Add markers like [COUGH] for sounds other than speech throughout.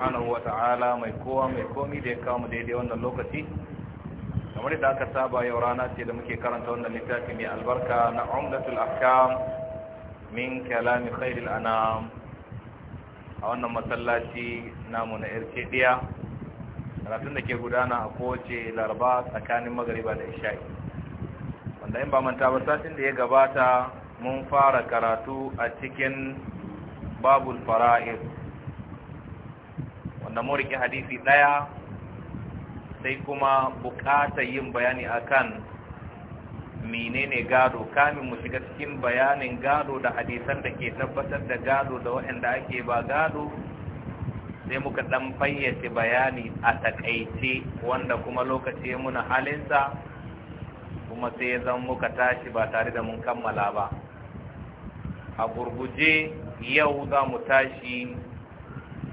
subhanahu wata'ala mai kowa mai komi da ya kawo daidai wannan lokaci kamar da aka saba yau rana ce da muke karanta wannan littafi mai albarka na umdatul ahkam min kalami khairil anam a wannan masallaci namu na irkediya karatun da ke gudana a kowace laraba tsakanin magariba da isha'i wanda in ba manta ba satin da ya gabata mun fara karatu a cikin babul fara'ir wanda mu rike hadisi daya sai kuma bukatar yin bayani akan menene gado kamin mu shiga cikin bayanin gado da hadisan da ke tabbatar da gado da waɗanda ake ba gado sai muka dan fayyace bayani a takaice wanda kuma lokaci muna halinsa kuma sai zan muka tashi ba tare da mun kammala ba a gurguje yau za mu tashi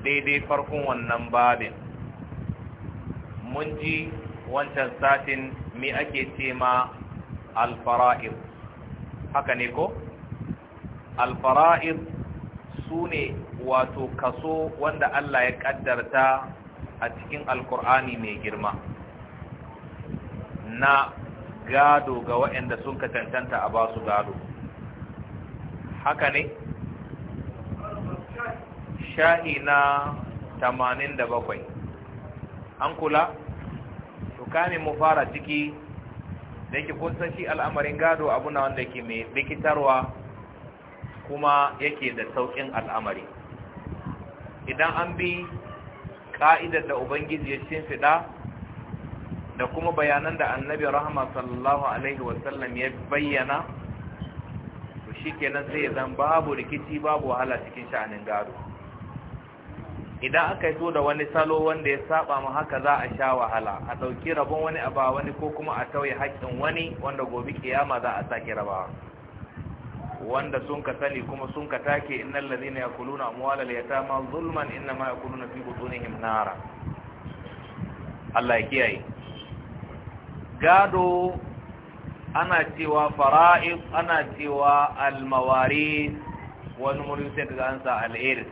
daidai farkon wannan babin mun ji wancan satin me ake ce ma alfara'ir haka ne ko alfara'ir su ne wato kaso wanda Allah ya kaddarta a cikin alkur'ani mai girma na gado ga waɗanda sun ka cancanta a basu gado haka ne shahi na tamanin da bakwai. an kula to kamin mu fara ciki da yake kun shi al'amarin gado abu na wanda ke mai likitarwa kuma yake da sauƙin al'amari idan an bi ka'idar da ubangiji ya shimfiɗa da kuma bayanan da annabi rahama sallallahu alaihi wasallam ya bayyana to shi kenan sai ya zan babu rikici babu wahala cikin sha'anin gado idan aka yi da wani salo wanda ya saba mu haka za a sha wahala a ɗauki rabon wani a ba wani ko kuma a tauye haƙƙin wani wanda gobe kiyama za a sake rabawa wanda sun ka sani kuma sun ka take innal ladina yakuluna amwalal yatama zulman innama yakuluna fi butunihim nara Allah ya kiyaye gado ana cewa fara'id ana cewa almawari wani murin sai ga an sa al-irs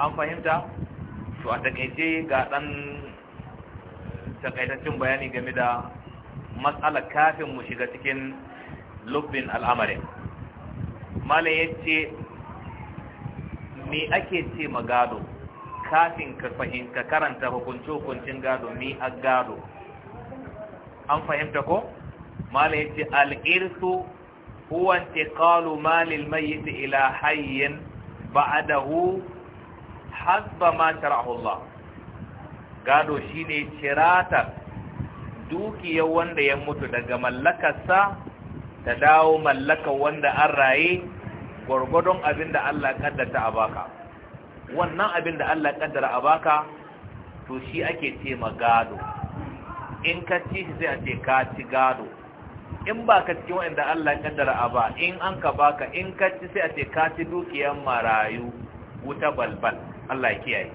an fahimta to a takaice ga ɗan eh, takaitaccen bayani game da matsalar kafin mu shiga cikin lubbin al'amarin malin ya ce me ake ce ma gado kafin ka fahimta karanta hukunci-hukuncin gado me a gado an fahimta ko? malin ya ce al'irsu huwan tekalu malin mai ila hayyin ba'adahu hasba ma shara'ahullah gado shine cirata dukiyar wanda ya mutu daga mallakarsa ta dawo mallakar wanda an raye gwargwadon abin da Allah kaddata a baka wannan abin da Allah kaddara a baka to shi ake ce ma gado in ka ci shi sai a ce ka ci gado in ba ka cikin waɗanda Allah kaddara a ba in an ka baka in ka ci sai a ce ka ci dukiyar marayu wuta balbal Allah ya kiyaye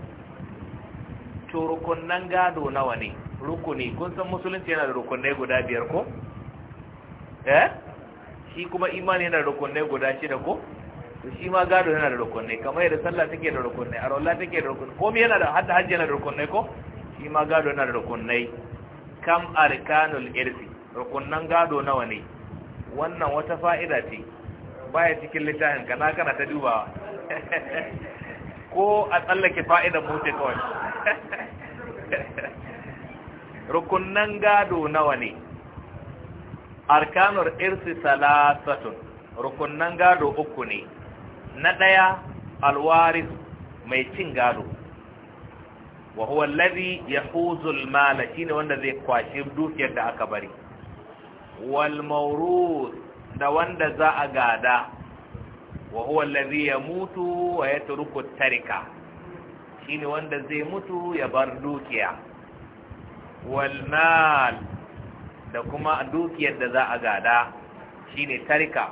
to rukunan gado nawa ne rukuni kun san musulunci yana da rukunai guda biyar ko eh shi kuma imani yana da rukunai guda shida ko to shi ma gado yana da rukunai kamar yadda sallah take da rukunai arwala take da rukunai komai yana da hadda hajji yana da rukunai ko shi ma gado yana da rukunai kam arkanul irsi rukunan gado nawa ne wannan wata fa'ida ce baya cikin littafin kana kana ta dubawa [LAUGHS] ko a tsallake fa'idan mutu kawai rukunan gado nawa ne arkanur irsi salasatun rukunan gado uku ne na ɗaya alwaris mai cin gado wa huwa ya huzul mala shine wanda zai kwashi dukiyar da aka bari Walmauru da wanda za a gada wa huwa allazi yamutu wa yatruku tarika shine wanda zai mutu ya bar dukiya wal da kuma dukiyar da za a gada shine tarika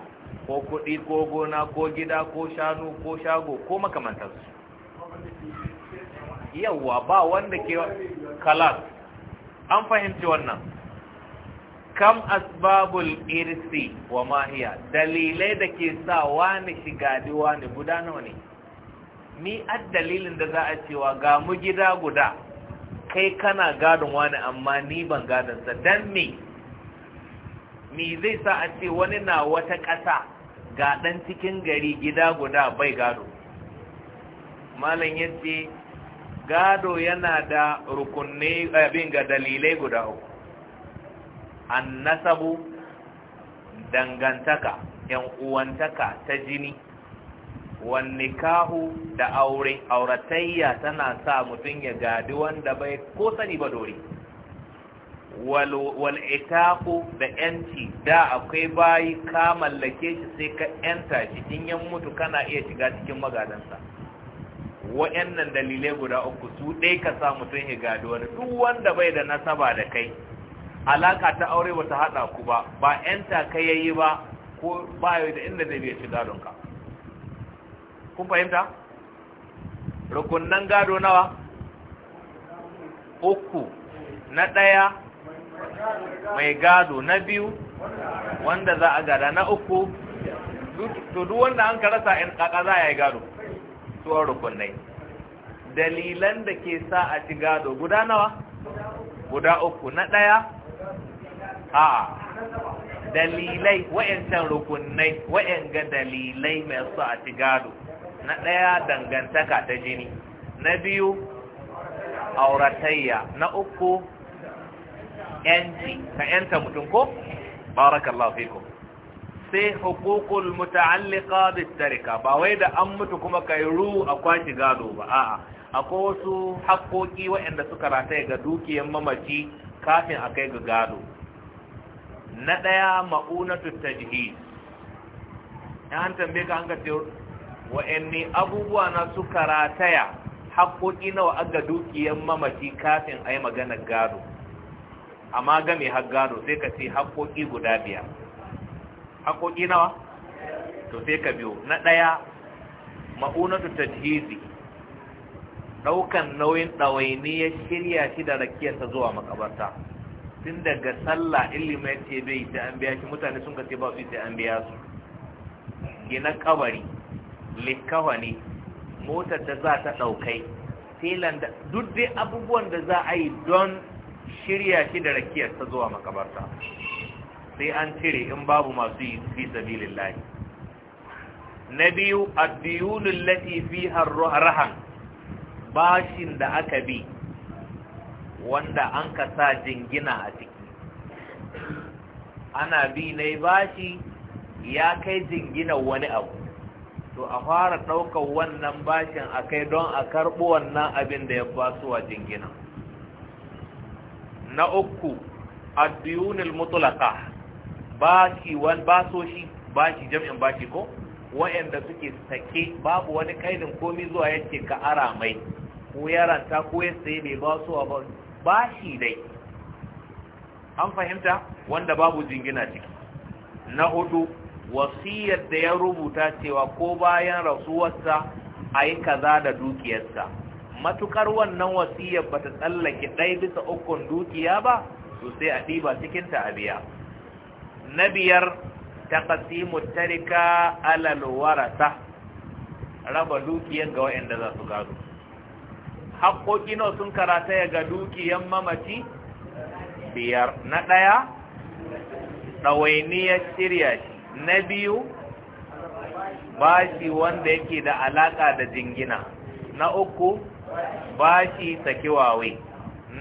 ko kudi ko gona ko gida ko shanu ko shago ko makamantarsu yawwa ba wanda ke kalas an fahimci wannan kam asbabul irsi wa mahiya dalilai da ke sa wani shiga wani guda nawa ne ni a dalilin da za a cewa ga mu gida guda kai kana gadon wani amma ni ban gadonsa don me me zai sa a ce wani na wata ƙasa ga ɗan cikin gari gida guda bai gado malam yace gado yana da rukunne abin ga dalilai guda uku annasabu dangantaka yan uwantaka ta jini Wanne kahu da aure auratayya tana sa mutum ya gadi wanda bai ko sani ba dori wal itaqu da yanci da akwai bayi ka mallake shi sai ka yanta shi in yan mutu kana iya shiga cikin magadansa wa'annan dalilai guda uku su dai ka sa mutum ya gadi wani duk wanda bai da nasaba da kai alaka ta aure bata hada ku ba ba yanta ka yayi ba ko ba da inda zai biya ci gadon ka kun fahimta rukunnan gado nawa uku na ɗaya mai gado na biyu wanda za a gada na uku to duk wanda an karasa in kaka za a yi gado tuwa rukunai dalilan da ke sa a ci gado guda nawa guda uku na ɗaya a'a dalilai wa'yancan rukunai ga dalilai mai su a gado na ɗaya dangantaka ta jini na biyu auratayya na uku yanci ka yanta mutum ko barakallahu fikum sai hukukul muta'alliqa bit tarika ba wai da an mutu kuma kai ru a kwashi gado ba a'a akwai wasu haƙoƙi waɗanda suka rataye ga dukiyar mamaci kafin a kai ga gado na ɗaya ma'unatu tajhid ya an tambaye ka an ka ce wa'anne abubuwa na suka rataya haƙoƙi nawa ga dukiyar mamaci kafin a yi maganar gado amma game har gado sai ka ce haƙoƙi guda biya haƙoƙi nawa to sai ka biyo na ɗaya ma'unatu tajhizi ɗaukan nauyin ɗawaini ya shirya shi da rakiyarsa zuwa makabarta tun daga sallah ilima ya ce bai ta an biya shi mutane sun kace ba su an biya su gina kabari likawa ne motar da za ta ɗaukai telan da duk abubuwan da za a yi don shirya shi da rakiyar ta zuwa makabarta sai an cire in babu masu yi fi sabilin lahi na biyu a lati fi rahan bashin da aka bi wanda an ka sa jingina a ciki ana bi na bashi ya kai jingina wani abu to a fara ɗaukar wannan bashin a kai don a karɓo wannan abin da ya basuwa jingina na uku addiyunil mutulaka bashi wani basoshi bashi jam'in bashi ko wa'anda suke sake babu wani kaidin komi zuwa yake ka ara mai ko yaranta ko ya saye mai basuwa bashi dai an fahimta wanda babu jingina ciki na hudu wasiyar da ya rubuta cewa ko bayan rasuwarsa a yi kaza da dukiyarsa matukar wannan wasiyar ta tsallake ɗaya bisa ukun dukiya ba to sai a ɗiba cikinta a biya na biyar ta taqsimu tarika alal warasa raba dukiyar ga wayanda za su gado haƙoƙi nawa sun karataya ga dukiyan mamaci biyar na ɗaya ɗawainiyar shirya shi na biyu bashi wanda yake da alaƙa da jingina na uku bashi sakiwawe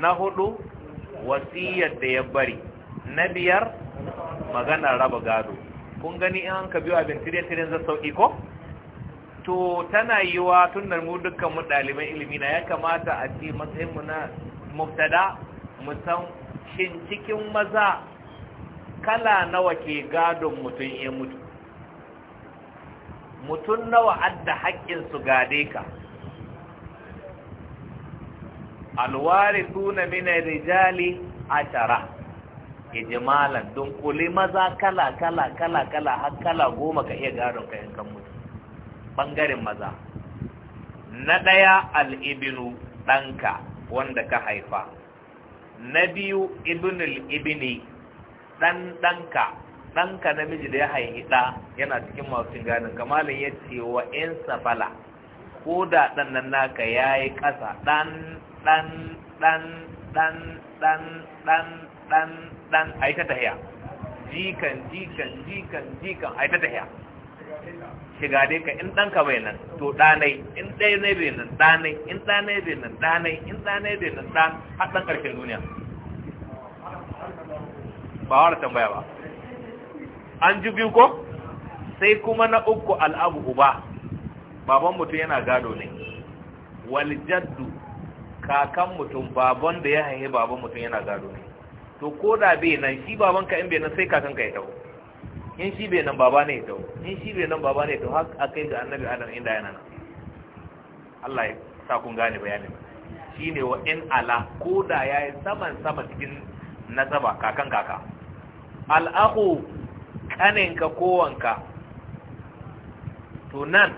na hudu wasiyar da ya bari na biyar maganar raba gado kun gani in an ka biyo abin tire-tiren za sauƙi ko? to tana yiwa tun da mu dukkan mu ɗaliban ilimi na ya kamata a ce matsayinmu na muftada mu shin cikin maza kala nawa ke gadon mutum ya mutu mutum nawa adda haƙƙin gade ka alwarithuna mina rijali ashara ijmalan don kuli maza kala kala kala kala har kala goma ka iya gadon ka yankan mutu bangaren maza na ɗaya al'ibinu ɗanka wanda ka haifa na biyu ibinul ibini ɗan ɗanka ɗanka namiji da ya haifi ɗa yana cikin masu ganin kamalin ya ce wa in safala ko da ɗan naka ya yi ƙasa ɗan ɗan ɗan ɗan ɗan ɗan ɗan ɗan a yi ta tahiya jikan jikan jikan jikan a yi ta tahiya shiga dai ka in ɗanka bai nan to ɗanai in ɗaya ne bai nan ɗanai in ɗanai bai nan ɗanai in ɗanai bai nan ɗan har ɗan ƙarshen duniya ba wani tambaya ba an ji biyu ko sai kuma na uku al'abu uba baban mutum yana gado ne wal jaddu kakan mutum baban da ya haihe baban mutum yana gado ne to ko da bai nan shi babanka in bai nan sai kakan ka ya dawo in shi bai nan baba ne to in shi bai nan baba ne to har a kai ga annabi adam inda yana nan Allah ya sa kun gane bayanin shi ne wa in ala ko da ya yi saman sama cikin nasaba kakan kaka al'ahu kaninka kowanka to nan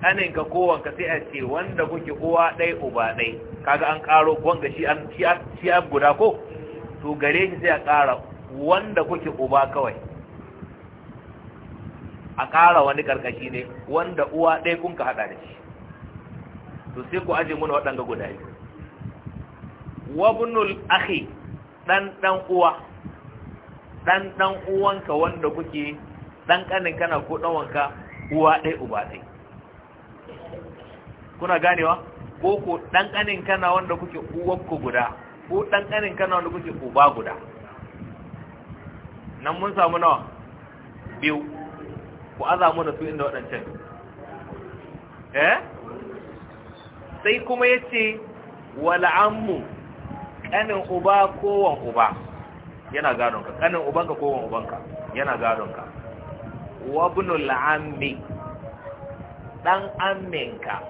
kaninka kowanka sai a ce wanda kuke uwa ɗai uba ɗai kaga an ƙaro wanga shi an guda ko to gare shi sai a ƙara wanda kuke uba kawai a ƙara wani karkashi ne wanda uwa ɗaya kun ka haɗa da shi to sai ku aje muna waɗanga guda biyu wabnul akhi dan dan uwa dan dan uwanka wanda kuke dan kanin kana ko dan wanka uwa ɗaya uba ɗaya kuna ganewa ko ko dan kanin kana wanda kuke uwakku guda ko dan kanin kana wanda kuke uba guda nan mun samu nawa biyu ku aza mana su inda waɗancan eh sai kuma yace wal ammu kanin uba kowan uba yana gadon ka kanin ubanka kowan ubanka yana gadon ka wa ibnul ammi dan amminka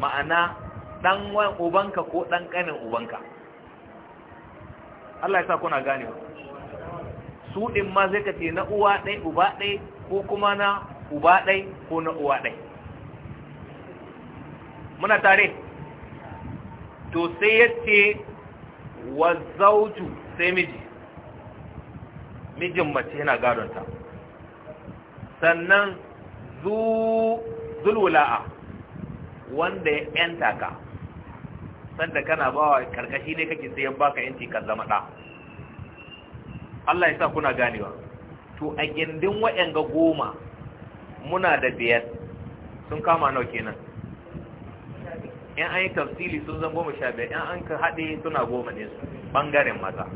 ma'ana dan ubanka ko dan kanin ubanka Allah ya sa kuna gane su ma zai kace na uwa ɗai uba ɗai ko kuma na uba ɗai ko na uwa ɗai muna tare to sai yace wazautu wa zauju sai miji mijin mace yana gadonta sannan zulwula'a wanda ya ‘yanta ka sanda kana bawa karkashi ne kake sai ya baka ‘yanci kan zama ɗa’ Allah ya sa kuna ganewa to a gindin ga goma muna da biyar sun kama nawa kenan yan an yi tafsili sun zan goma sha biyar yan an ka haɗe suna goma ne su ɓangaren maza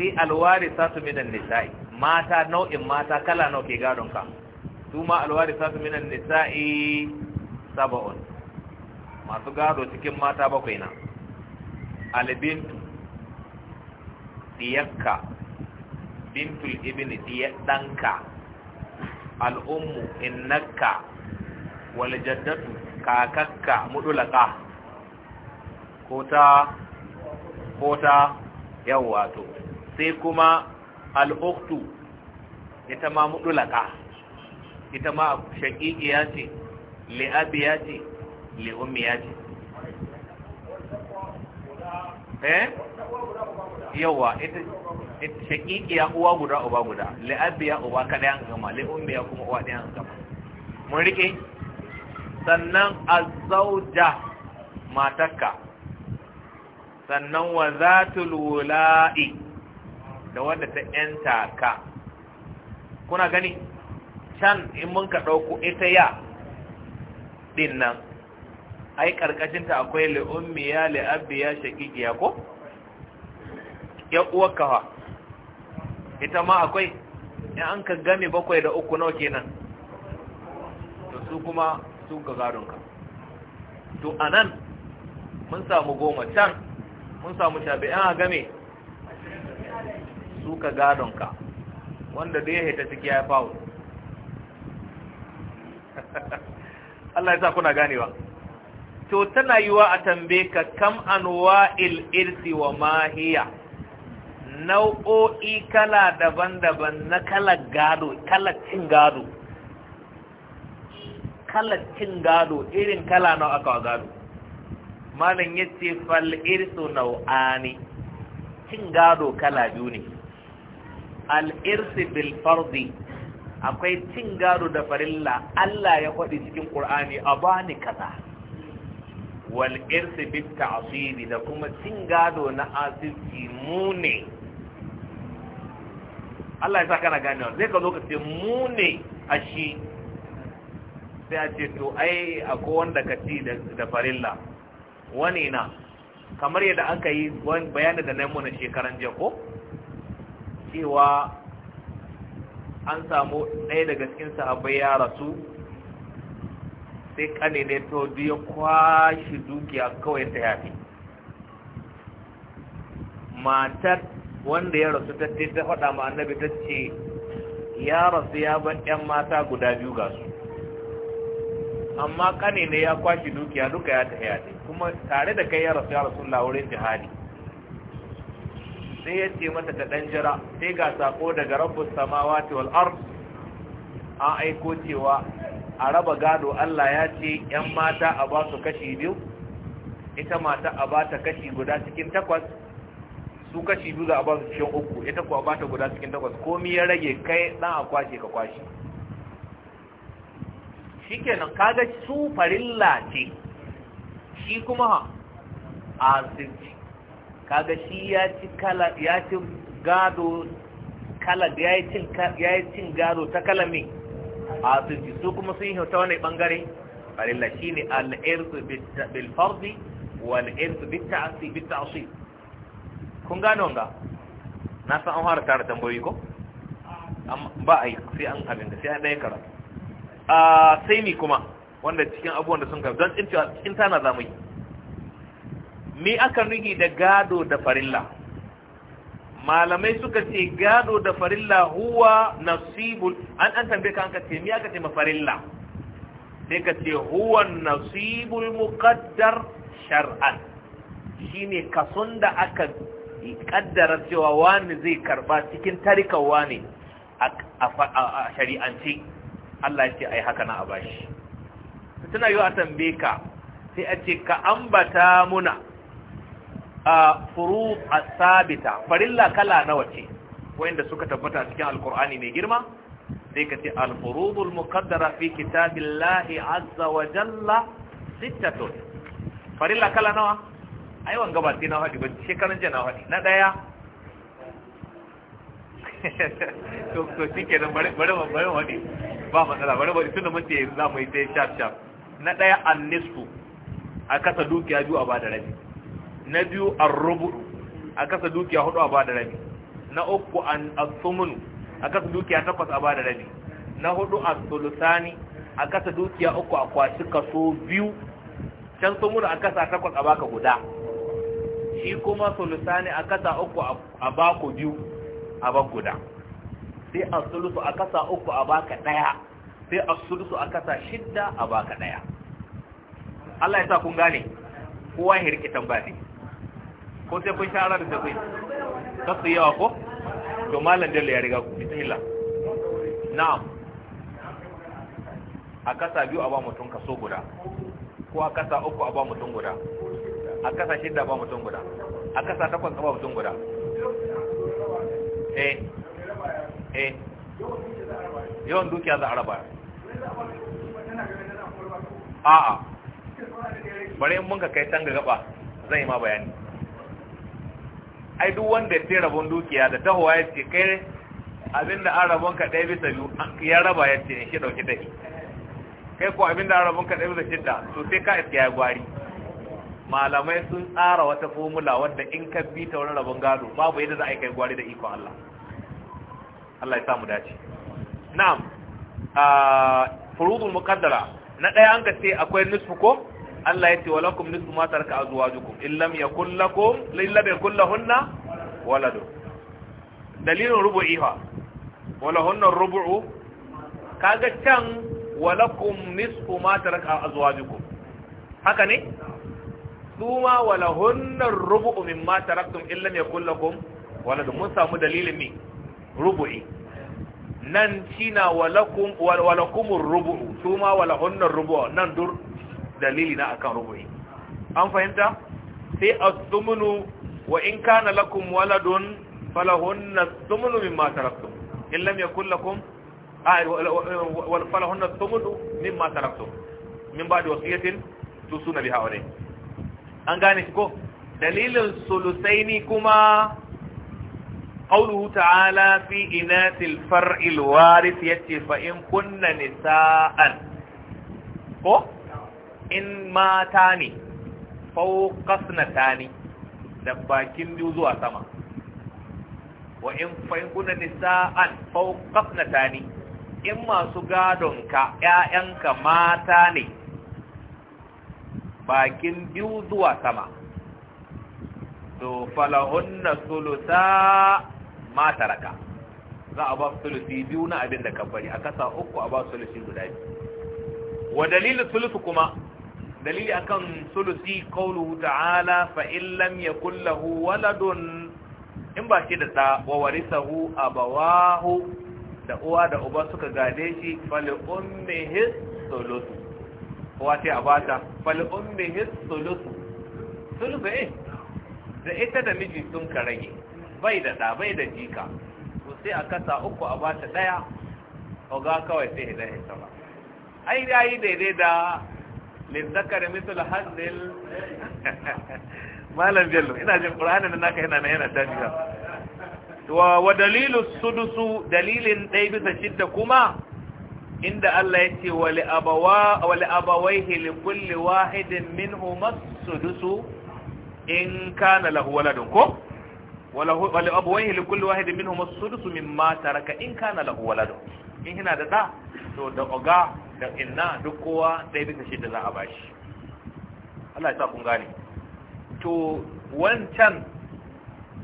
sai alwari sa su minan nisa'i mata nau'in mata kala nau ke gadon ka su ma alwari sa su minan nisa'i saba'un masu gado cikin mata bakwai na albintu diyakka bintul ibni diya danka al'ummu innaka wal jaddatu kakakka mudulaka kota kota yawwa to sai kuma al'uktu ita ma mudulaka ita ma shaqiqiya ce li'abiya ce li'ummiya ce eh yawa ita Shakikiya uwa guda uba guda la'abiya uba kada yan gama la'ummiya kuma uwa ɗaya an gama mun riƙe. sannan azauja matakka sannan wa za ta lula'i da wanda ta yanta ka kuna gani can in mun ka ɗauku ita ya ɗin nan ai ƙarƙashinta akwai la'ummiya la'abiya shakikiya, ko ya uwa kawa ita ma akwai in an ka game bakwai da uku nawa kenan to su kuma su ga ka. to a nan mun samu goma can mun samu shabe yan a game su ka ka. wanda da ya hita ciki ya fawo [LAUGHS] Allah ya sa kuna ganewa to tana yiwa a tambe ka kam anwa'il irsi wa mahiya nau'o'i kala daban-daban na kalar gado kalar cin gado kalar cin gado irin kala nawa aka gado malam yace fal irsu nau'ani cin gado kala biyu ne al irsi bil akwai cin gado da farilla Allah ya faɗi cikin Qur'ani a bani kaza wal irsi bit da kuma cin gado na asirci mu ne Allah ya sa kana wani. zai ka zo ka ce mu ne a shi sai a ce to ai akwai wanda ka ci da farilla wani na kamar yadda aka yi bayanin da na yi muna shekaran jiya ko cewa an samu ɗaya daga cikin sahabbai ya rasu sai kane ne to biyu kwashi dukiya kawai ta yafi matar wanda ya rasu ta ta faɗa ma annabi ta ce ya rasu ya ban ɗan mata guda biyu ga su amma kane ne ya kwashe dukiya duka ya tafiya ne kuma tare da kai ya rasu ya rasu laurin jihadi sai ya ce mata ta ɗan jira sai ga sako daga rabbus samawa ta wal'ar an aiko cewa a raba gado Allah ya ce 'yan mata a ba su kashi biyu ita mata a ba ta kashi guda cikin takwas su kashi biyu za a ba su cikin uku ita kuwa ba ta guda cikin takwas komi ya rage kai dan a kwashe ka kwashe shi kenan kaga su farilla ce shi kuma ha asirci kaga shi ya ci kala ya ci gado kala ya yi cin gado ta kala A asirci su kuma sun yi ta wani bangare farilla shine ne irth bil fardi wal irth bit ta'sib bit ta'sib kun gane wanga na san an fara tara tambayoyi ko ba a yi sai an abin da sai an ɗaya karatu a sai ni kuma wanda cikin abubuwan da sun gaba don in tana zamu yi me aka nuhi da gado da farilla malamai suka ce gado da farilla huwa nasibul an an tambaye ka an ka ce me aka ce ma farilla sai ka ce huwa nasibul muqaddar shar'an shine kason da aka kaddara cewa wani zai karba cikin tarikan wani a shari'ance Allah ce ai haka na a bashi tana yi a tambayi ka sai a ce ka ambata muna a furu a sabita farilla kala nawa ce wanda suka tabbata cikin alkur'ani mai girma sai ka ce alfurudul muqaddara fi kitabillahi azza wa jalla sittatun farilla kala nawa ai wanga ba sai na haɗi ba shekaran jiya na haɗi na ɗaya [LAUGHS] to to shi ke nan bari bari bari haɗi ba matsala bari bari tunda mun ce za mu yi sai sharp sharp na ɗaya an nisfu a kasa dukiya biyu a ba da rabi na biyu an rubu a kasa dukiya hudu a ba da rabi na uku an asumunu a kasa dukiya takwas a ba da rabi na hudu a sulusani a kasa dukiya uku a kwashi kaso biyu can sun a kasa takwas a baka guda shi kuma sulusani a kasa uku a baku biyu a bak guda sai a sulusu a kasa uku a baka daya sai a sulusu a kasa shidda a baka daya Allah ya sa kun gane kowa ya hirki tambari ko sai kun shara da sai kasu yawa ko to malam dallo ya riga ku bismillah na'am a kasa biyu a ba mutum kaso guda ko a kasa uku a ba mutum guda a kasa shidda ba mutum guda a kasa takwas ba mutum guda eh eh yawan dukiya za a raba a'a bari in mun ka kai can gaba zai ma bayani ai duk wanda ya rabon dukiya da tahowa ya ce kai abinda an rabon ka ɗaya bisa biyu ya raba ya ce in shi ɗauki ɗaya kai ko abinda an rabon ka ɗaya bisa shidda to sai ka iska ya gwari malamai sun tsara wata formula wadda in ka bi ta wani rabon gado babu yadda za a yi kai gwari da iko Allah Allah ya samu dace na'am furudul muqaddara na daya an ka ce akwai nisfu ko Allah ya ce walakum nisfu ma taraka azwajukum illam yakul lakum illa bi kullahunna waladu dalilin rubu'i fa walahunna rubu'u kaga can walakum nisfu ma taraka azwajukum haka ne suma wala hunnar rubu'u min mimma taraktum illa ne kullakum wala mun samu dalilin mi rubu'i nan cina walakum walakumur rubu'u suma wala hunnar rubu'u nan dur dalili na akan rubu'i an fahimta sai as-sumunu wa in kana lakum waladun falahunna as min mimma taraktum illa ne kullakum falahunna as-sumunu mimma taraktum min ba'di wasiyatin tusuna biha alayhi an gane shi ko dalilin sulusaini kuma ta'ala fi في إناث الفرع الوارث يتي فإن kunna nisa'an ko in mata ne faukas na tani da bakin biyu zuwa sama wa in fa'in kunna nisa'an faukas na tani in masu gadonka ‘ya'yanka mata ne bakin biyu zuwa sama to falahunna sulusa ma taraka za a ba sulusi biyu na abin da kabari a kasa uku a ba sulusi guda biyu wa dalilin sulusu kuma dalili akan sulusi qawluhu ta'ala fa in lam yakul lahu waladun in ba shi da ta wa warisahu abawahu da uwa da uba suka gade shi fali ummihi sulusu kowa sai a bata fal'un bihin sulusu sulusu eh da ita da miji sun ka rage bai da ɗa bai da jika to sai a kasa uku a bata ɗaya oga kawai sai hidan hisa ba ai da yi daidai da lizzakar mitul hazil [LAUGHS] malam bello ina jin ƙur'anin nan naka yana na yana tafiya wa dalilu sudusu dalilin ɗaya bisa shidda kuma inda Allah ya ce wali abawaihi li kulli wahidin minhum as dusu in kana lahu ko wali abawaihi li kulli wahidin minhum as-sudus mimma taraka in kana lahu in yana da da to da oga da inna duk kowa ɗaya bisa shi da za a bashi Allah ya sa kun gane to wancan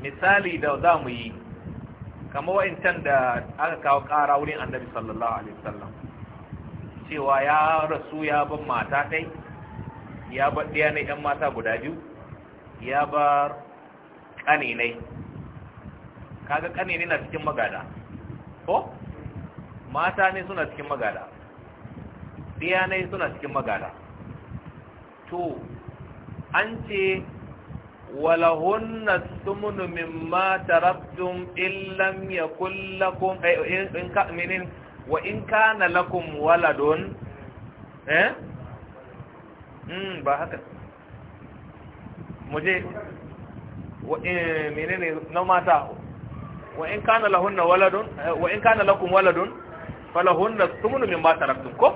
misali da za mu yi kamar wa'incan da aka kawo ƙara wurin annabi sallallahu alaihi wasallam cewa ya rasu ya ban mata ɗai ya ba ɗaya ne ‘yan mata guda biyu ya ba ƙaninai kaga ƙaninai na cikin magada ko mata ne suna cikin magada ɗaya ne suna cikin magada to an ce walahunna sumunu mimma tarattum illam kulla lakum eh, in ka wa in kana lakum waladun eh mm ba haka muje wa eh, menene na mata wa in kana lahunna waladun eh, wa in kana lakum waladun falahunna thumnu mimma taraktum ko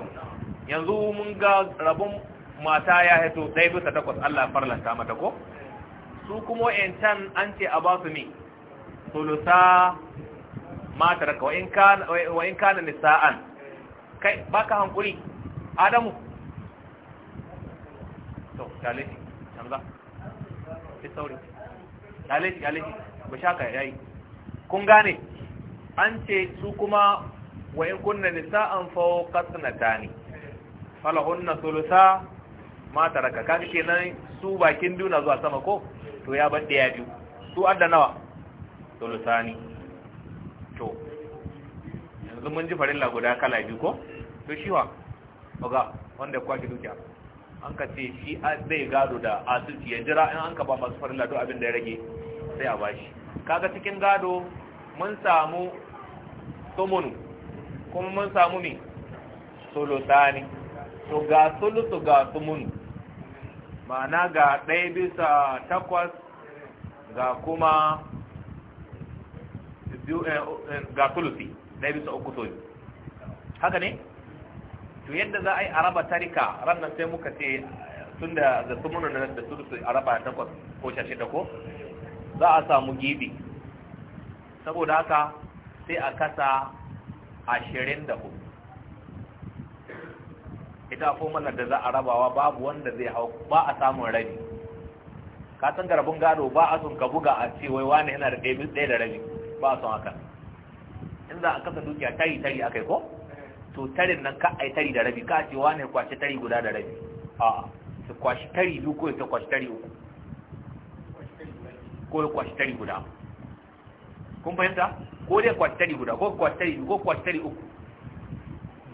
yanzu mun ga rabon mata ya hito dai bisa takwas Allah farlanta mata ko su kuma wa'ancan an ce a ba su ne sulusa ma taraka wa in kana ni sa'an nisaan kai baka hankuri adamu to dalili hamza ki sauri dalili dalili ba shaka yayi kun gane an ce su kuma wa in kunna nisaan fawqa sanatani falahunna thulutha ma taraka kaga kenan su bakin duna zuwa sama ko to ya bar ya biyu su adda nawa thuluthani to yanzu mun ji farilla guda kala biyu ko to shi wa oga wanda ya kwashe dukiya an ka ce shi zai gado da asirci ya jira in an ka ba masu farilla duk abin da ya rage sai a bashi kaga cikin gado mun samu tomonu kuma mun samu ne solotani to ga solusu ga tomonu ma'ana ga ɗaya bisa takwas ga kuma Eh, eh, ga sulusi ɗaya bisa uku so haka ne to yadda za a yi araba tarika ranar sai muka ce tun da da sumuna na da sulusi araba takwas ko shashe da ko za a samu gibi saboda haka sai a kasa ashirin da ku. ita fomalar da za a rabawa babu wanda zai hau ba a samun rabi ka san garbin gado ba a sun ka buga a ce wai wani yana da ɗaya da rabi ba son haka in za a kasa dukiya tari tari aka yi ko to tarin nan ka ai tari da rabi ka ce wane kwashi tari guda da rabi a su kwashi tari biyu ko ta kwashi tari uku ko ya kwashi tari guda kun fahimta ko dai kwashi tari guda ko kwashi tari biyu ko kwashi tari uku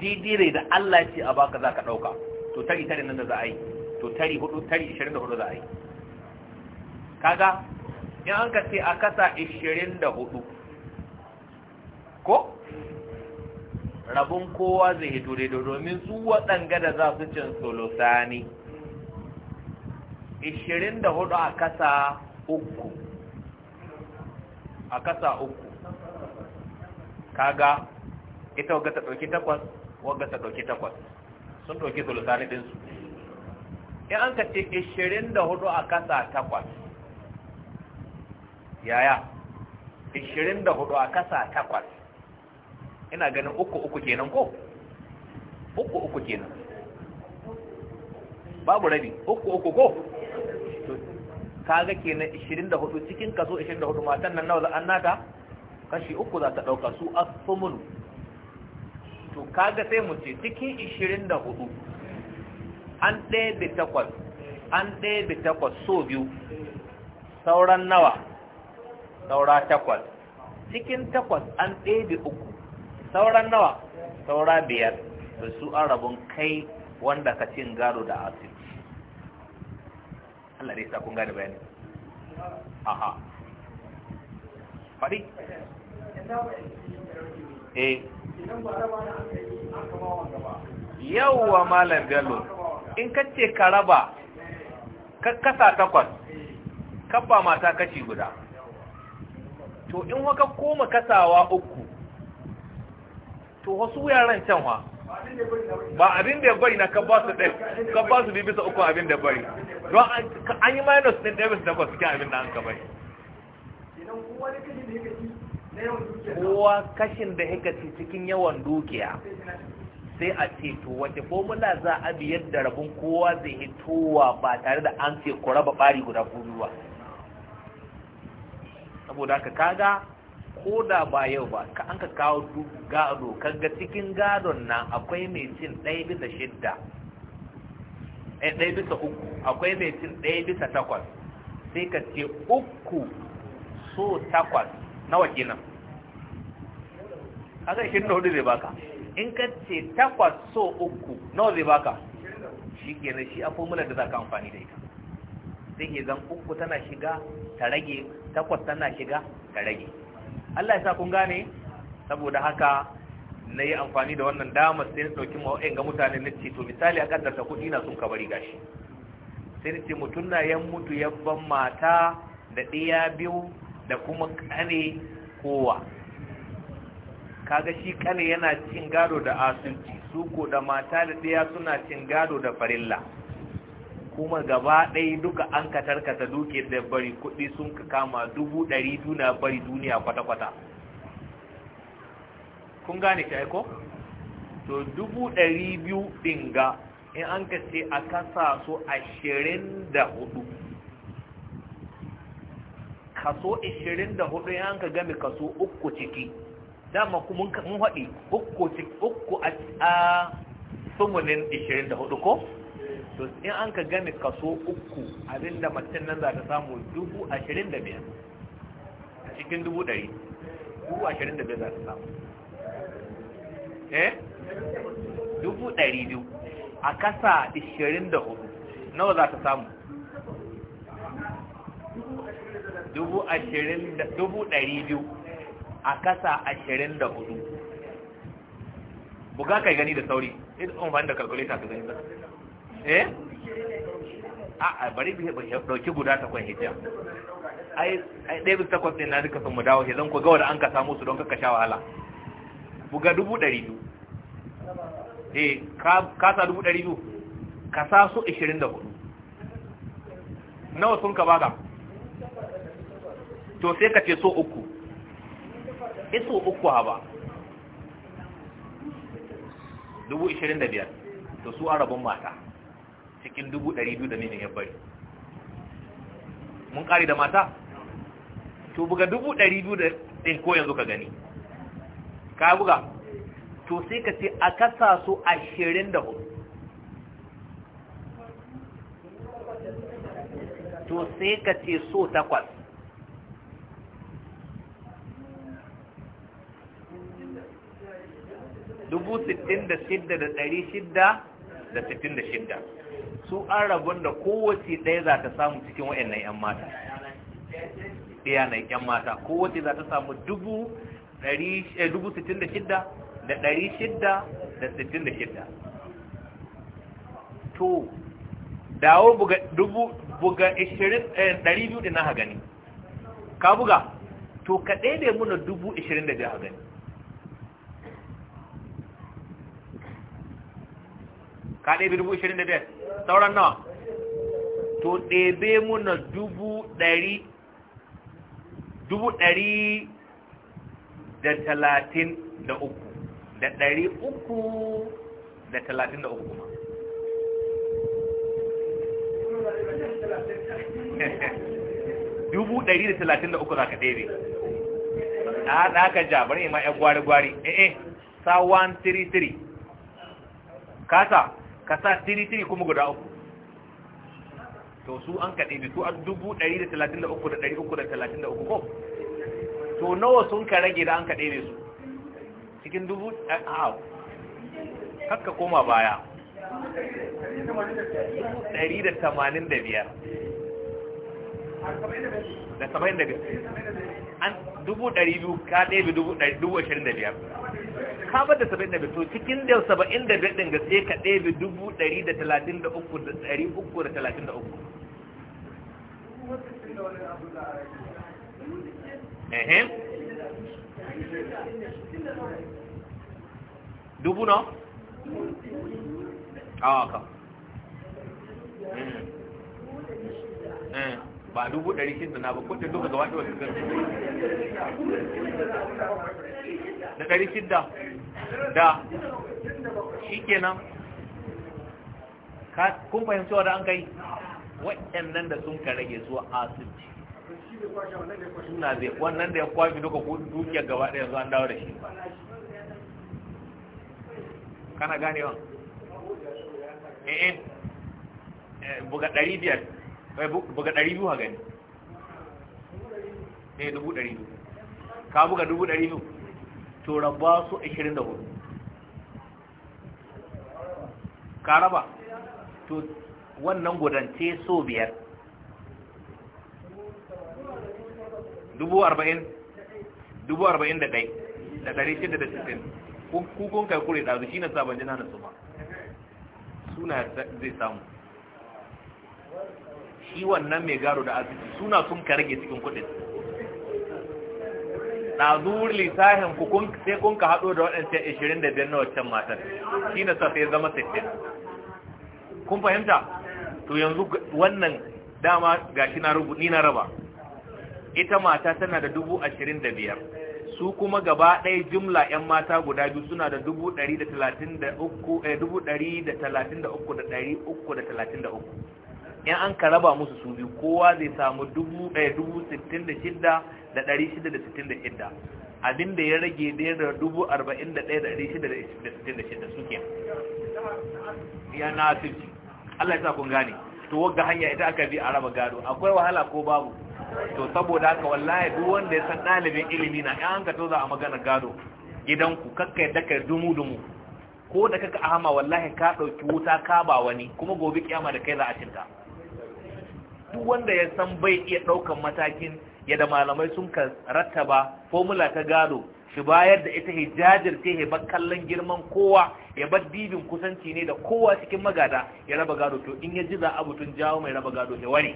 didire da Allah ce a baka za ka ɗauka to tari tari nan da za a yi to tari hudu tari ishirin da hudu za a yi kaga in an ka ce a kasa ishirin da hudu ko rabin kowa zai hito daidai domin su waɗanga da za su cin solosani 24 a kasa uku a kasa uku kaga ita wagga ta ɗauki takwas wagga ta ɗauki takwas sun ɗauki solosani ɗinsu in an ka ce 24 a kasa takwas yaya 24 a kasa takwas ina ganin uku uku kenan ko uku uku kenan babu rabi uku uku ko kaga kenan 24 cikin kaso 24 matan nan nawa an nata kashi uku za ta dauka su asfumun to kaga sai mu ce cikin 24 an ɗaya da takwas an ɗaya da takwas so biyu sauran nawa saura takwas cikin takwas an ɗaya da uku sauran nawa saura biyar da su an kai wanda ka cin gado da asibiti Allah dai sa kun gane bayani aha faɗi eh yawwa malam bello in ka ce ka raba ka kasa takwas kaba mata kashi guda to in waka koma kasawa uku to wasu wuraren can wa ba abin da ya bari na ka ba su ɗaya ka ba su bibisa uku abin da bari don an yi minus ɗin ɗaya bisa takwas cikin abin da an ka bari kowa kashin da haka ci cikin yawan dukiya sai a ce to wace formula za a bi yadda rabin kowa zai hitowa ba tare da an ce ku raba ɓari guda ko ba saboda haka kaga ko da ba yau ba ka an ka kawo gado kaga cikin gadon nan akwai mai cin ɗaya bisa shidda eh, ɗaya bisa uku akwai mai cin ɗaya bisa takwas sai ka ce uku so takwas na wakilan haka ishirin da hudu zai baka in ka ce takwas so uku nawa zai baka shi kenan shi a formula da za ka amfani da ita sai ke zan uku tana shiga ta rage takwas tana shiga ta rage Allah ya sa kun gane saboda haka na yi amfani da wannan dama sai na dauki ma'o'in ga mutane na ce to misali a ta kuɗi na sun bari gashi sai na ce mutum na yan mutu yabban mata da ɗaya biyu da kuma kane kowa kaga shi kane yana cin gado da asunci su ko da mata da ɗaya suna cin gado da farilla kuma gaba ɗaya duka an ka tarkata duke da bari kuɗi sun ka kama dubu ɗari duna bari duniya kwata-kwata kun gane shi aiko? to dubu ɗari biyu ɗin ga in an ka ce a kasa so ashirin da hudu kaso ashirin da hudu in an ka game kaso uku ciki dama kuma mun haɗi uku a tsumunin ashirin da hudu ko? to in an ka gane kaso uku abinda mutum nan za ta samu dubu ashirin da biyar a cikin dubu ɗari dubu ashirin da biyar za ta samu eh dubu ɗari biyu a kasa ashirin da hudu nawa za ta samu dubu ashirin da dubu ɗari biyu a kasa ashirin da hudu buga kai gani da sauri ita umar da kalkuleta ka gani ba eh A'a, bari bi dauki guda takwas hijiya ai ai dai bisa takwas ne na duka sun mu dawo zan ku ga wanda an ka samu su don kaka sha wahala buga dubu ɗari biyu eh ka sa dubu ɗari biyu ka sa su ishirin da hudu nawa sun ka baka to sai ka ce so uku eh, so uku haba dubu ishirin da biyar to su arabin mata cikin dubu ɗari biyu da nini ya bari mun ƙari da mata to buga dubu ɗari biyu da ɗin ko yanzu ka gani ka buga to sai ka ce a kasa su ashirin da hudu to sai ka ce so takwas dubu sittin da shidda da ɗari shidda da sittin da shidda su an rabon da kowace ɗaya za ta samu cikin wa'annan 'yan mata ɗaya na 'yan mata kowace za ta samu eh, dubu sittin da shidda da ɗari shidda da sittin da shidda to dawo buga eh, ɗari biyu ɗin na hagani, ka buga to ka ɗaya da muna dubu ishirin da biya hagani. ka ɗebe dubu ishirin da biyar sauran nawa to ɗebe muna dubu ɗari dubu ɗari da talatin da uku da ɗari uku da talatin da uku [LAUGHS] dubu ɗari da talatin da uku za ka ɗebe a haɗa aka ja bari ma ya gwari-gwari eh eh sa 133 kasa ka sa tiri-tiri kuma guda uku to su an kaɗe bi su an dubu ɗari da talatin da uku da ɗari uku da talatin da uku ko to nawa sun ka rage da an kaɗe ne su cikin dubu a haka koma baya ɗari da tamanin da biyar da tamanin da biyar an dubu ɗari biyu ka ɗari dubu ashirin da biyar ka bar da 75 to cikin da 75 din ga sai ka ɗebe 133,333 uku dubu na? awaka ah, hmm. hmm. ba dubu ɗari shida na ba ko duka gaba da wasu kan da ɗari shida da shi kenan kun fahimci wa da an kai waɗannan da sun ka rage zuwa asibiti suna zai wannan da ya kwafi duka dukiyar gaba ɗaya zuwa an dawo da shi kana ganewa eh eh, eh buga ɗari biyar Eh, buga ɗari biyu gani ne eh, dubu ɗari biyu ka buga dubu ɗari biyu to rabuwa su ashirin da hudu ka raba to wannan gudance so biyar dubu arba'in dubu arba'in da ɗai da ɗari shida da sittin kukun kai kure ɗazu shi na sabon jina na su ba suna zai samu shi wannan mai gado da asibiti suna sun ka rage cikin kudin ɗazu lissahin kukun sai kun ka haɗo da waɗancan ishirin da biyar na waccan matan shi na safe zama sittin kun fahimta to yanzu wannan dama shi na rubu ni na raba ita mata tana da dubu ashirin da biyar su kuma gaba ɗaya jumla 'yan mata guda biyu suna da dubu ɗari da talatin da uku eh, da talatin da uku da ɗari uku da talatin da uku in an ka raba musu su biyu kowa zai samu dubu dubu sittin da shidda da ɗari shida da sittin da shidda abin da ya rage ɗaya da dubu arba'in da ɗaya da ɗari shida da sittin da shidda suke ya na asirci Allah ya sa kun gane to wagga hanya ita aka bi a raba gado akwai wahala ko babu to saboda haka wallahi duk wanda ya san ɗalibin ilimi na ɗan ka toza a magana gado gidanku kakka yadda ka dumu dumu ko da kaka ahama wallahi ka ɗauki wuta ka ba wani kuma gobe kiyama da kai za a cinta duk wanda ya san bai iya ɗaukan matakin yadda malamai sun ka ba, fomula ta gado shi bayar da ita hijajir ce ya kallon girman kowa ya bar dibin kusanci ne da kowa cikin magada ya raba gado to in ya ji za a abutun jawo mai raba gado ya ware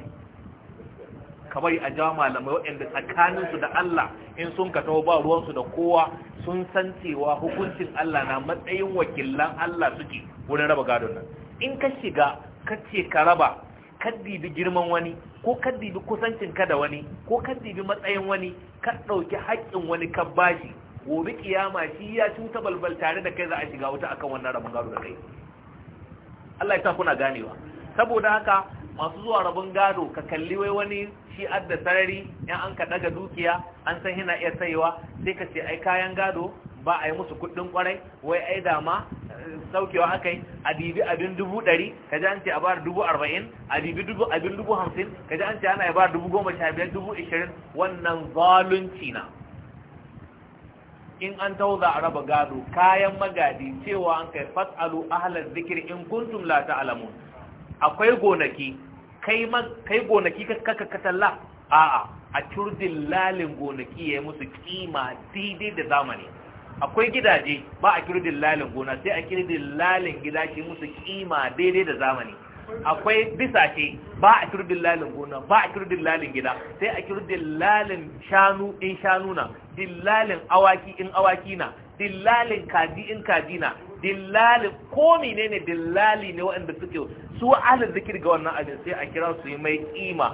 kamar a jawo malamai waɗanda tsakaninsu da Allah in sun ka taho ba ruwansu da kowa sun san cewa hukuncin Allah na matsayin wakilan Allah suke wurin raba gado nan in ka shiga ka ce ka raba kaddibi girman wani ko kaddibi kusancin ka da wani ko kaddibi matsayin wani ka ɗauki haƙƙin wani ka bashi gobe kiyama shi ya cuta balbal tare da kai za a shiga wuta akan wannan rabon gado da kai Allah ya sa kuna ganewa saboda haka masu zuwa rabon gado ka kalli wai wani shi adda sarari in an ka daga dukiya an san yana iya sayewa sai ka ce ai kayan gado ba a yi musu kuɗin kwarai wai ai dama saukewa aka yi a dibi abin dubu ɗari ka ji an ce a bayar dubu arba'in a dibi abin dubu hamsin ka ji an ce ana bayar dubu goma sha biyar dubu ishirin wannan zalunci na in an tauza a raba gado kayan magadi cewa an kai fasalu ahlar zikir in kuntum la alamu akwai gonaki kai kai gonaki ka ka talla a'a a turdin lalin gonaki ya yi musu kima daidai da zamani akwai gidaje ba a kirdin lalin gona sai a kirdin lalin gida ke musu kima daidai da zamani akwai bisashe ba a kirdin lalin gona ba a kirdin lalin gida sai a kirdin lalin shanu in shanu na dillalin awaki in awaki na dillalin kaji in kaji na dillalin ko ne dillali ne waɗanda suke su ahlul zikir ga wannan abin sai a kira su yi mai kima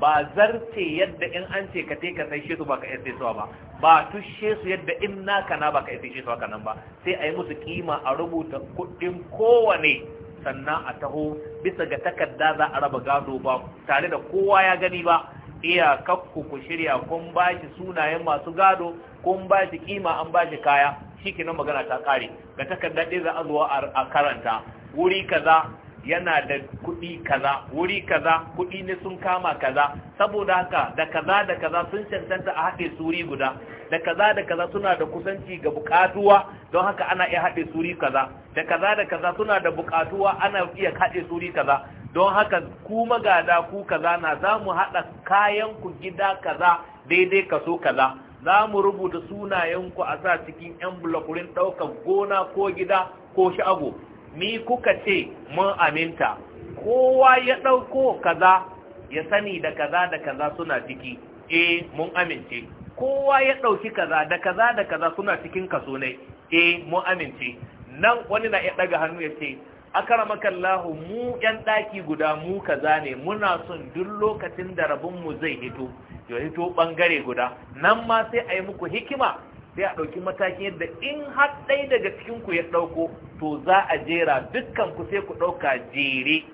ba zarce yadda in an ce ka te ka sai su ba ka sai ba ba tushe su yadda in naka na ba ka sai suwa kanan ba sai a yi musu kima a rubuta kuɗin kowane sannan a taho bisa ga takarda za a raba gado ba tare da kowa ya gani ba iya kakku ku shirya kun ba shi sunayen masu gado kun ba shi kima an ba shi kaya shi na magana ta kare ga takarda ɗaya za a zuwa a karanta wuri kaza yana da kuɗi kaza wuri kaza kuɗi ne sun kama kaza saboda haka da kaza da kaza sun cancanta a haɗe suri guda da kaza da kaza suna da kusanci ga bukatuwa don haka ana iya haɗe suri kaza da kaza da kaza suna da bukatuwa ana iya haɗe suri kaza don haka ku magada ku kaza na za mu haɗa kayan ku gida kaza daidai kaso kaza za mu rubuta sunayenku a sa cikin yan bulakurin ɗaukar gona ko gida ko shago mi kuka ce mun aminta kowa ya ɗauko kaza ya sani da kaza da kaza suna ciki e mun amince kowa ya ɗauki kaza da kaza da kaza suna cikin kaso ne e mun amince nan wani na ya ɗaga hannu ya ce akaramakallahu mu yan ɗaki guda mu kaza ne muna son duk lokacin da rabinmu zai hito ya hito ɓangare guda nan ma sai a yi muku hikima sai a ɗauki matakin yadda in har ɗaya daga ku ya ɗauko to za a jera dukkan ku sai ku ɗauka jere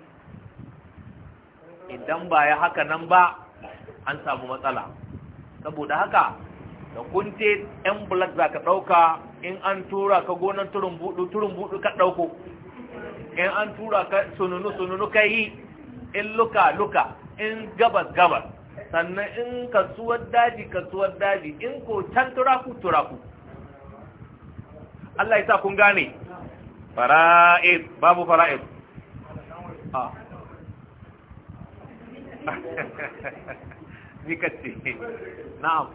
idan ba ya haka nan ba an samu matsala saboda haka da kunce yan black za ka ɗauka in an tura ka gonan turin buɗu turin buɗu ka ɗauko in an tura ka sununu sununu ka yi in luka luka in gabas gabas sannan in kasuwar daji kasuwar daji in ko can turaku turaku Allah ya sa kun gane fara'id babu fara'id ah. [LAUGHS] ni kace na'am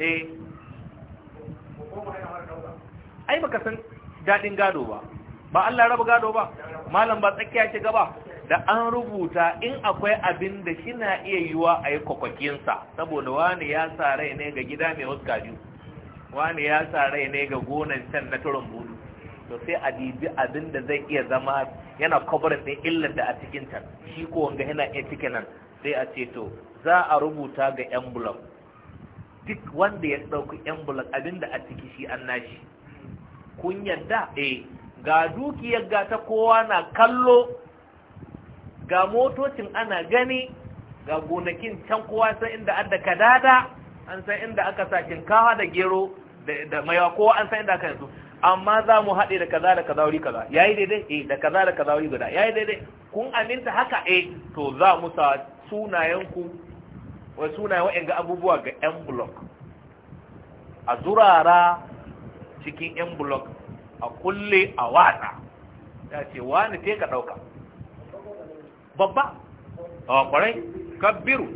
eh ai baka san dadin gado ba ba Allah raba gado ba malam ba tsakiya ce gaba da an rubuta in akwai abin da kina iya yiwa a yi kwakwakinsa saboda wani ya sa rai ne ga gida mai wasu kaju wani ya sa rai ne ga gonan can na turin budu to sai a dibi abin da zai iya zama yana kwabar ɗin illar da a cikin can shi ko wanga yana iya cike nan sai a ce to za a rubuta ga emblem duk wanda ya ɗauki emblem abin da a ciki shi an nashi kun yadda eh ga dukiyar ga ta kowa na kallo ga motocin ana gani ga gonakin can kowa san inda adda kadada an san inda aka sa shinkawa da gero da maiwa kowa an san inda aka yanzu amma za mu haɗe da kaza da kaza wuri kaza ya yi daidai eh da kaza da kaza wuri guda ya yi daidai kun aminta haka eh to za mu sa sunayenku wa sunayen wa'in ga abubuwa ga yan block a zurara cikin yan block a kulle a watsa ya ce wani te ka ɗauka babba a kwarai kabiru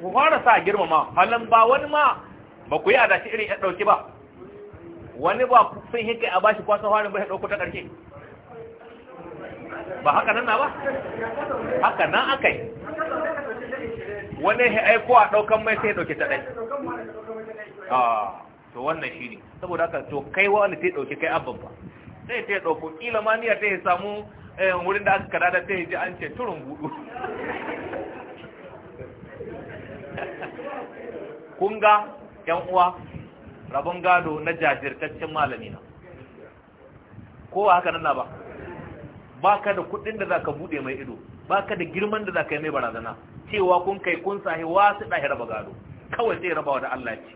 ku fara sa girmama halin ba wani ma ba ku yi adashi irin ya ɗauki ba wani ba sun hinkai a bashi kwasa hannun ba ya ɗauko ta ƙarshe ba haka nan na ba haka nan aka yi wani ya aiko a ɗaukan mai sai ya ɗauki ta ɗai to wannan shi ne saboda haka to kai wani sai ɗauki kai abin ba sai sai ɗauko ƙila ma niyar ta samu Eh, wurin da aka kada da sai ji an ce turun Kun kunga yan uwa rabon gado na jajirtaccen malami na kowa haka nan ba ba ka da kudin da za ka bude mai ido ba ka da girman da za ka yi mai barazana cewa kun kai kun sahi wasu ɗahi raba gado kawai sai rabawa da Allah ce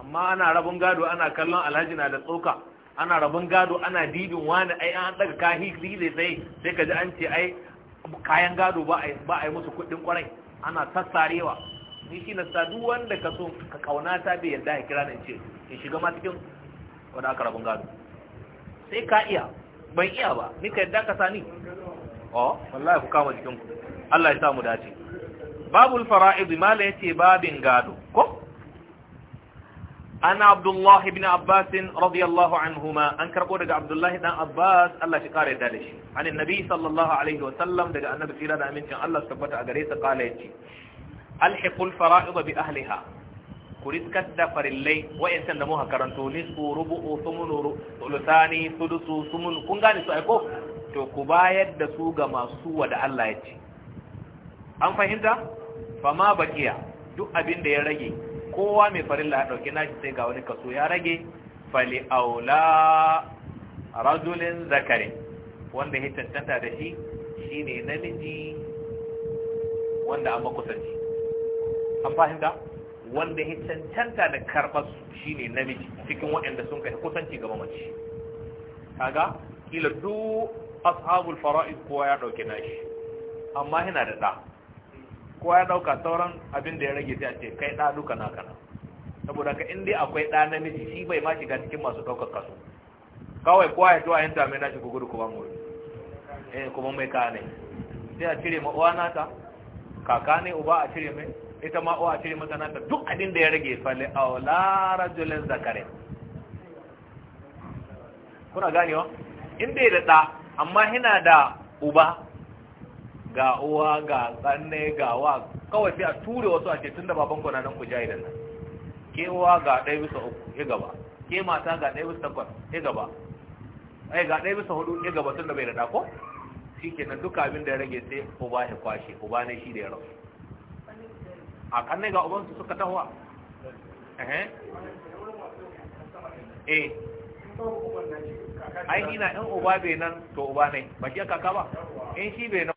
amma ana rabon gado ana kallon alhaji na da tsoka ana rabin gado ana dibin wani ai an daga kahi zai sai sai ka ji an ce ai kayan gado ba a yi musu kuɗin kwarai ana sassarewa ni shi na duk wanda ka so ka kauna ta bai yarda ya kira nan ce ki shiga ma cikin wanda aka rabin gado sai ka iya ban iya ba ni ka yarda ka sani oh wallahi ku kama cikin ku Allah ya sa mu dace babul fara'id la yace babin gado ko ana abdullah ibn abbas radiyallahu anhuma an karbo daga abdullah dan abbas Allah shi kare da shi anin nabi sallallahu alaihi wa sallam daga annabi sira da amincin Allah tabbata a gare sa kala yace alhiqul fara'id bi ahliha ku riskar da farillai wa'yancan da muka karanto nisfu rubu'u sumunu sulusani sudusu sumun kun gane su aiko to ku bayar da su ga masu wa da Allah ya an fahimta fama bakiya duk abin da ya rage kowa mai farilla ya dauki nashi sai ga wani kaso ya rage fali aula rajulin zakari wanda ya tantanta da shi shine namiji wanda an makusanci an fahimta wanda ya tantanta da karɓar shine namiji cikin waɗanda sun kai kusanci ga mamaci kaga kila duk ashabul fara'id kowa ya dauke nashi amma yana da da kowa ya dauka sauran abin da ya rage sai a ce kai da duka na na saboda ka in dai akwai da namiji shi bai ma shiga cikin masu daukar kaso kawai kowa ya tuwa yanta mai nashi gugudu kuma mu eh kuma mai ne. sai a cire ma uwa nata kaka ne uba a cire mai ita ma uwa a cire mata nata duk abin da ya rage falle wala rajulin zakare kuna ganewa wa? bai da da amma hina da uba ga uwa ga tsanne ga wa kawai sai a ture wasu a ce tun da baban ku na nan ku jayi da nan ke uwa ga ɗaya bisa uku ya gaba ke mata ga ɗaya bisa takwas ya gaba ai ga ɗaya bisa hudu ya gaba tun da bai da ɗako shi kenan duka abin da ya rage sai uba ya kwashe uba ne shi da ya rasu a kanne ga ubansu suka tahowa eh ai ina in uba bai nan to uba ne ba shi kaka ba in shi bai nan